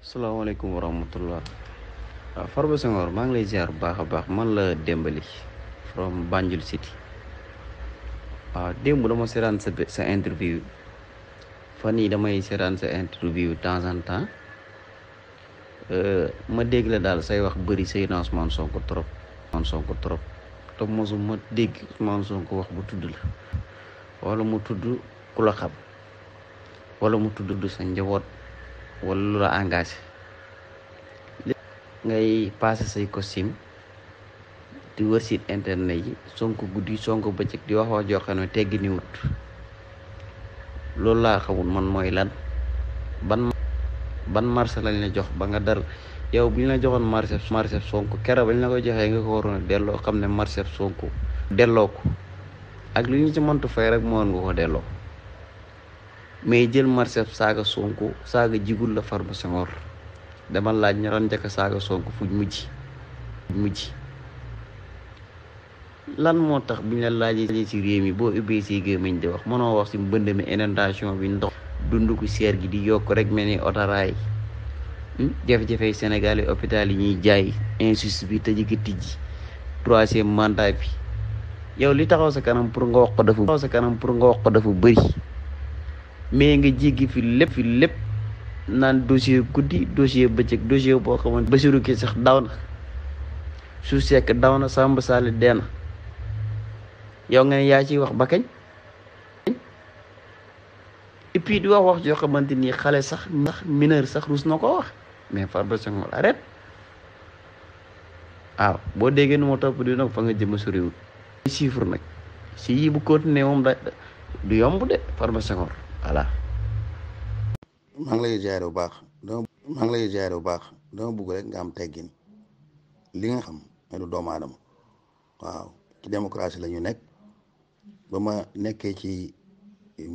Assalamualaikum warahmatullahi wabarakatuh. Uh, Farba sangor mang lay ziar baakha baax man la Dembali from Banjul City Ah uh, dembu dama seetaan sa sa interview Fani dama damay seetaan sa interview temps en temps ma dégg la dal say wax beuri say na Ousmane Sonko trop Ousmane Sonko trop te ma dégg Ousmane Sonko wax bu tudd la wala mu tuddu kula xam wala mu tuddu sa njabot. wala lu la engagé ngay passé say costume di wër site internet yi sonko guddi sonko bëccëg di wax wax joo xam ne teggi wut loolu laa xamul man mooy lan ban ban marché lañ la jox ba nga dar yow bu ñu la joxoon marché marché sonko kera bañ la koy joxee nga ko waroon a delloo xam ne marché sonko delloo ko ak lu ñu ci mëntu fay rek moo woon nga ko delloo mais jël marché saaga Sonko saaga jigul la Farba Senghor dama laaj ña doon njëkk saaga Sonko fuñ mujj mujj lan moo tax bu ñu la laajee si réew mi boo ubbee si gémmiñ di wax mënoo wax si mbënd mi inondation bi ndox dund ku seer gi di yokk rek mel ni otaraay hmm? jafe-jafe Sénégal yi hôpital yi ñuy jaay injustice bi tëjiki tijji troisième mandat bi yow li taxaw sa kanam pour nga wax dafa taxaw kanam pour nga ko dafa bëri mais nga jéggi fi lépp fi lépp naan dossier guddi dossier bëccëg dossier boo xamante Bassirou Guèye sax daw na su sekk daw na Samba Sall dee na yow nga yaa ciy wax ba kañ et puis di wax wax yoo xamante ni xale sax ndax mineur sax rus na ko wax mais Farba Senghor arrête waaw ah, boo déggee nu ma topp di nag fa nga jëm soriwul chiffre nag si yi bu continuer moom da du yomb de Farba Senghor voilà. maa ngi lay jaare bu baax dama maa ngi lay jaare bu baax dama bëgg rek nga am teggin li nga xam ne du doomu aadama waaw ci démocratie la ñu nekk ba ma nekkee ci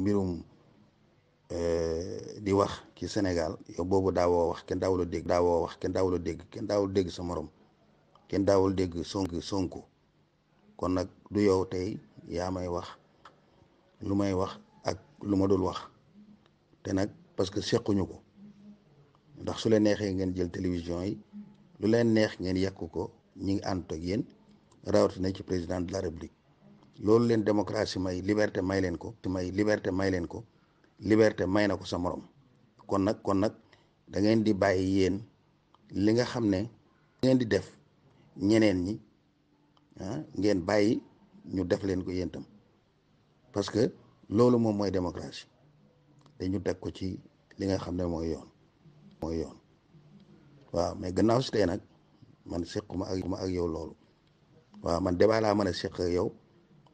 mbirum eh, di wax ci Sénégal yow boobu daawoo wax kenn daawul dégg daawoo wax kenn daawul dégg kenn daawul dégg sa kenn daawul dégg sonk sonko kon nag du yow tey yaa wax lu may wax lu ma dul wax te nag parce que sequñu ko ndax su leen neexee ngeen jël télévision yi lu leen neex ngeen yàq ko ñi ngi ànd ak yéen rawatina ci président de la république loolu leen démocratie may liberté may leen ko may liberté may leen ko liberté may na ko sa moroom kon nag kon nag da ngeen di bàyyi yéen li nga xam ne ngeen di def ñeneen ñi ah, ngeen bàyyi ñu def leen ko yéen parce que loolu moom mooy démocratie dañu teg ko ci li nga xam ne mooy yoon mooy yoon waaw mais gannaaw si tey nag man sequma ak ma ak yow loolu waaw man débat laa mën a ak yow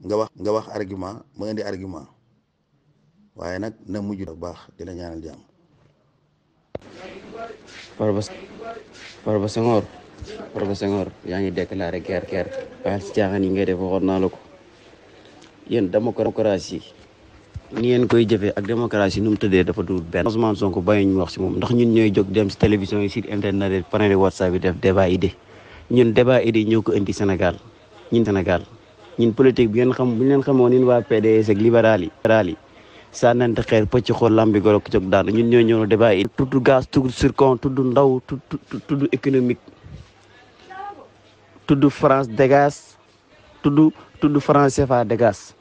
nga wax nga wax argument ma indi argument waaye nag na mujj bu baax di la ñaanal jàmm. Farba Farba Senghor Farba Senghor yaa ngi déclaré guerre guerre. waaye si caaxaan yi ngay def waxoon naa la ko yéen démocratie ni ngeen koy jëfee ak démocratie nu mu tëddee dafa du benn Ousmane Sonko bàyyiñ wax si moom ndax ñun ñooy jóg dem si télévision yi site internet yi panel whatsapp yi def débat idée ñun débat idée ñoo ko indi Sénégal ñun Sénégal ñun politique bi ngeen xam bu ñu leen xamoon ñun waa PDS ak libéral yi libéral yi sànnante xeer pëcc xool lambi gorok jóg daan ñun ñoo ñëw débat idée tudd gaz tudd zircon tudd ndaw tudd tudd économique tudd France dégage tudd France CFA dégage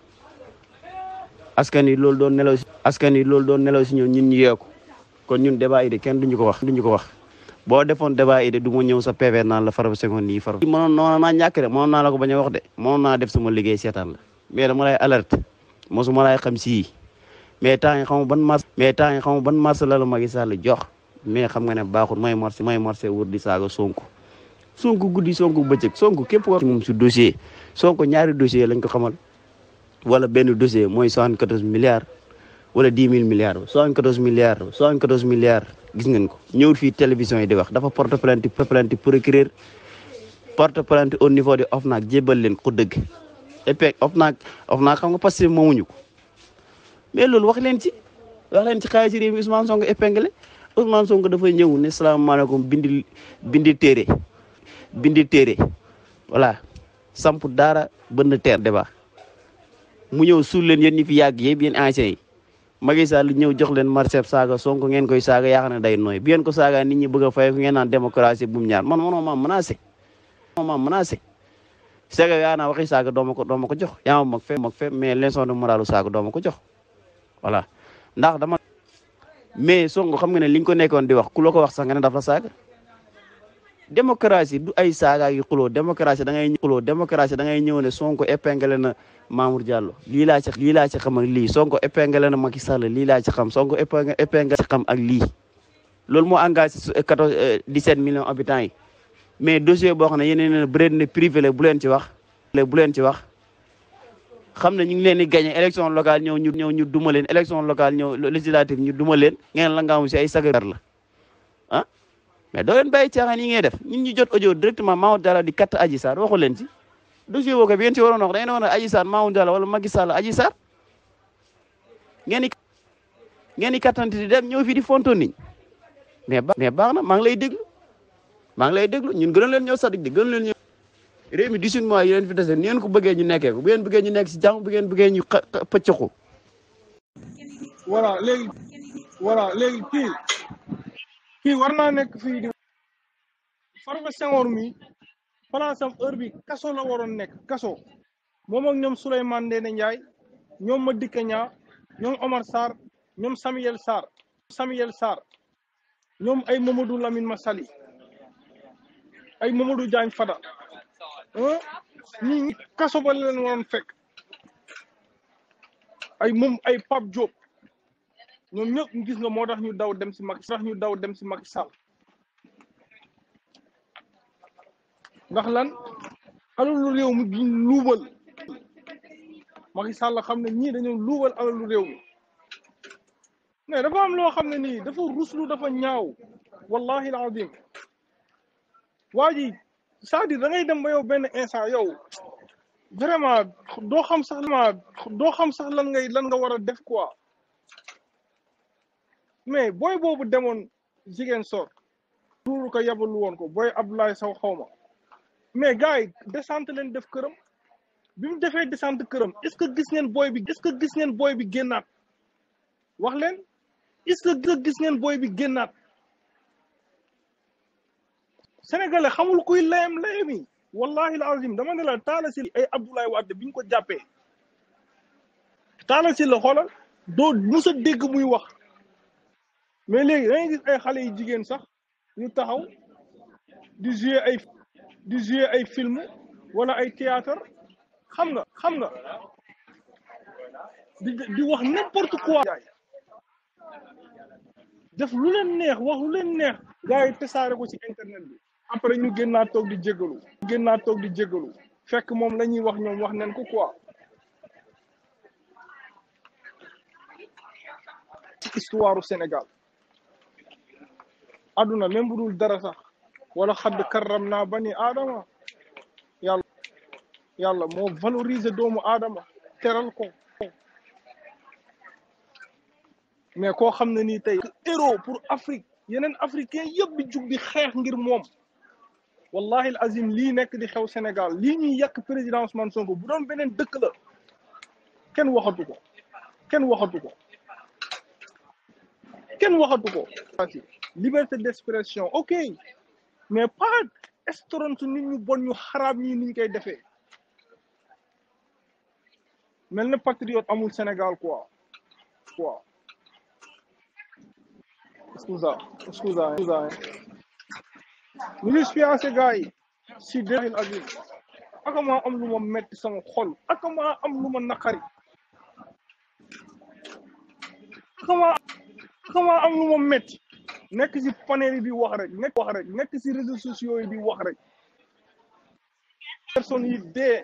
askan yi loolu doon nelaw si askan yi loolu doon nelaw si ñoom ñun ñu yeeku kon ñun débat idée kenn duñu ko wax duñu ko wax boo defoon débat idée du ma ñëw sa PV naa la Farba Senghor nii Farba mënoon noona naa ñàkk de mënoon naa la ko bañ a wax de mënoon naa def sama liggéey seetaan la mais ma lay alerte mosuma lay xam sii mais temps yi xamu ban mars mais temps yi xamu ban mars la la Macky Sall jox mais xam nga ne baaxul may marché may marché wër di saaga Sonko Sonko guddi Sonko bëccëg Sonko képp ko moom su dossier Sonko ñaari dossier lañ ko xamal wala benn dossier mooy soixante-quatorze milliards wala dix mille milliards soixante-quatorze milliards soixante-quatorze milliards gis ngeen ko ñëwul fii télévision yi di wax dafa porte plainte plainte procureur porte plainte au niveau de OFNAC jébbal leen ko dëgg et puis OFNAC OFNAC xam nga parce que moomuñu ko mais loolu wax leen ci wax leen ci xaalis réew mi Ousmane Sonko épinglé Ousmane dafa ñëw ne salaamaaleykum bindi bindi téere bindi téere voilà samp daara bënn teer débat mu ñëw suul leen yéen ñi fi yàgg yëpp yéen anciens yi Macky Sall ñëw jox leen marché saaga Sonko ngeen koy saaga yaakaar ne day nooy bi ko saaga nit ñi bëgg a fay ngeen naan démocratie bu mu ñaar man manoo maa menacé maa menacé saaga yaa naa waxi saaga dooma ko jox yaa ma mag fe mag fe mais leçon de moralu saaga dooma ko jox voilà ndax dama mais Sonko xam nga ne li ñu ko nekkoon di wax ku la ko wax sax nga ne daf la saaga démocratie du ay saaga yu xuloo démocratie dangay ngay xuloo démocratie da ngay ñëw ne Sonko épinglé na Mamour Diallo lii laa ci lii laa ci xam ak lii Sonko épinglé na Macky Sall lii laa ci xam Sonko épinglé ci xam ak lii loolu moo engagé quatorze euh, dix-sept millions habitants yi mais dossier boo xam ne yeneen ne bu ne privé la bu leen ci wax bu leen ci wax xam ne ñu ngi leen di gagné élection locale ñëw ñu ñëw ñu duma leen élection locale ñëw législative ñu duma leen ngeen la nga am si ay sagar la ah mais doo leen bàyyi yi ngay def ñun ñu jot audio directement Mamour Diallo di katt Adji Sarr waxu leen ci dossier boo ko bi ngeen ci waroon wax da ngeen waroon Adji Sarr Mamour wala Macky Sall Adji Sarr ngeen di ngeen di kattante di ñëw fii di fonto niñ mais mais baax na maa ngi lay déglu maa ngi lay déglu ñun gënoon leen ñoo sa di gënoon leen ñoo réew mi 18 mois yi leen fi dese ni ngeen ko bëggee ñu nekkee ko bu ngeen bëggee ñu nekk si jàmm bu ngeen bëggee ñu pëcc kii war naa nekk fii di Farba Senghor mi place heure bi kaso la waroon nekk kaso moom ak ñoom Souleymane Ndéné Ndiaye ñoom Madické Niang ñoom Omar Sarr ñoom Samuel Sarr Samuel Sarr ñoom ay Mamadou Lamine Massaly ay Mamadou Diagne Fada ñi kaso ba leen waroon ay moom ay Pape Diop ñoom ñëpp gis nga moo tax ñu daw dem si Macky sax ñu daw dem si Macky Sall ndax lan alalu réew mi duñ luubal Macky Sall xam ne ñii dañoo luubal alalu réew mi mais dafa am loo xam ne nii dafa ruslu dafa ñaaw wallahi alazim waa ji c'est-à-dire da ngay dem ba yow benn instant yow vraiment doo xam sax doo xam sax lan ngay lan nga war a def quoi mais booy boobu demoon jigéen sor tuuru ko yebalu woon ko booy Abdoulaye Sow xawma mais gars yi descente leen def këram bi mu defee descente këram est ce que gis ngeen booy bi est que gis ngeen booy bi génnaat wax leen est ce gis ngeen booy bi génnaat sénégalais xamul kuy layam layam yi wallahi alazim dama ne la si ay Abdoulaye Wade bi ñu ko jàppee taala si la xoolal doo mës a dégg muy wax mais léegi dangay gis ay xale yu jigéen sax ñu taxaw di jouer ay di jouer ay film wala ay théâtre xam nga xam nga di di wax n'importe quoi def lu leen neex wax lu leen neex gars yi tasaare ko ci internet bi après ñu gën naa toog di jégalu gën naa toog di jégalu fekk moom la ñuy wax ñoom wax nañ ko quoi ci histoire Sénégal أدونا ممبرول درسا ولا خد كرمنا بني آدم يلا يلا مو فالوريز دوم آدم ترالكم مي كو خمنا ني تاي ايرو بور افريك ينن افريكان ييب بيجوك دي خيخ غير موم والله العظيم لي نيك دي خاو سينيغال لي ني ياك بريزيدانس مان سونكو بودون بنين دك لا كين واخاتوكو كين واخاتوكو كين واخاتوكو liberté d'expression ok mais pas estoront ni ñu bon ni xaraam ni ni koy défé. mel le patriote amul Sénégal quoi quoi scusa scusa scusa ñu ngi fiancé gars yi si devil aka ah, am luma metti sama xol aka ah, am luma ma naqari aka ah, am luma metti nekk ci panel yi di wax rek nekk wax rek nekk ci réseaux sociaux yi di wax rek personnes yi dee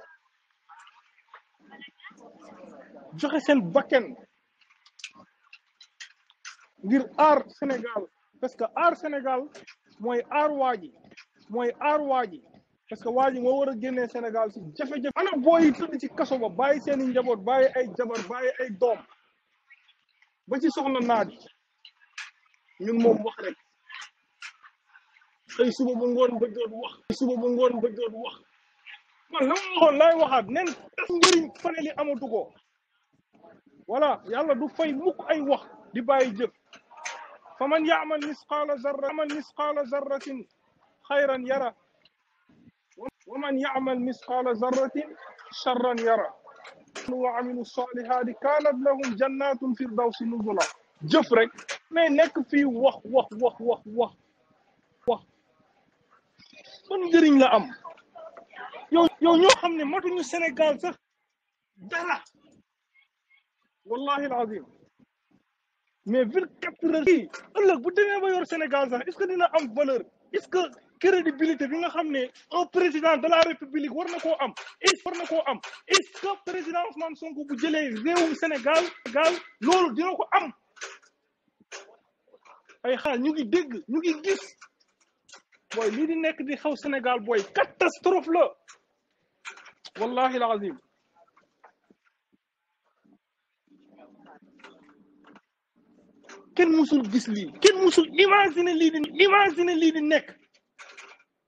joxe seen bakken ngir aar Sénégal parce que aar Sénégal mooy aar waa ji mooy aar waa ji parce que waa ji moo war a génnee Sénégal ci jafe-jafe ana booy tëdd ci kaso ba bàyyi seeni njaboot bàyyi ay jabar bàyyi ay doom ba ci soxna naaj ñun moom wax rek xëy suba ba ngoon bëggoon wax xëy suba ba ngoon bëggoon wax man la ma waxoon laay waxaat neen tas njëriñ fane li amatu ko voilà yàlla du fay mukk ay wax di bàyyi jëf fa man yaamal misqaala zarra amal misqaala zarratin xayran yara wa man yaamal misqaala zarratin charran yara wa amilu salihaati kaanat lahum jannatum firdawsi nuzula jëf rek mais nekk fii wax wax wax wax wax wax ban njëriñ la am yow yow ñoo xam ne matuñu Sénégal sax dara wallahi alazim mais vingt quatre heures yi ëllëg bu demee ba yor Sénégal sax est-ce que dina am valeur est-ce que crédibilité bi nga xam ne un président de la république war na koo am est war na koo am est-ce que président Ousmane Sonko bu jëlee réewum Sénégal Sénégal loolu dina ko am ay xaal ñu ngi dégg ñu ngi gis booy lii di nekk di xaw Sénégal boy catastrophe la wallahi alazim kenn musul gis lii kenn musul imaginer lii di imaginer lii di nekk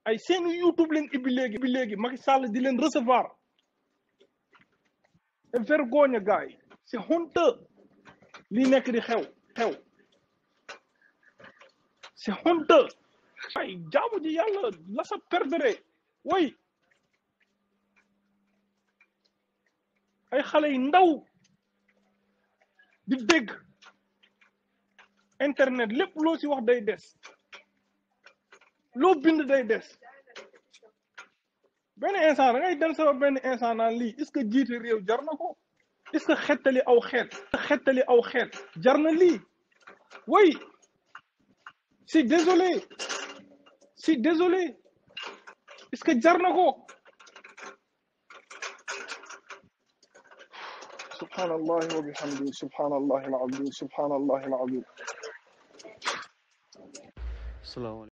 ay seeni YouTube leen ibbi léegi bi léegi maki Sall di leen recevoir vergogne gars yi c'est honteux li nekk di xew xew c'est honteux Ay, jamu ji yàlla la sa perdre Oui. ay xale yu ndaw di dégg internet lépp lo ci wax day des Lo bind day des Ben instant da ngay dem sa benn instant naan lii est-ce que jiite réew jar ko est-ce que xettali aw xeet xettali aw xeet jar na Oui. سي ديزولي سي ديزولي اسكو تجرنكو سبحان الله وبحمده سبحان الله العظيم سبحان الله العظيم السلام عليكم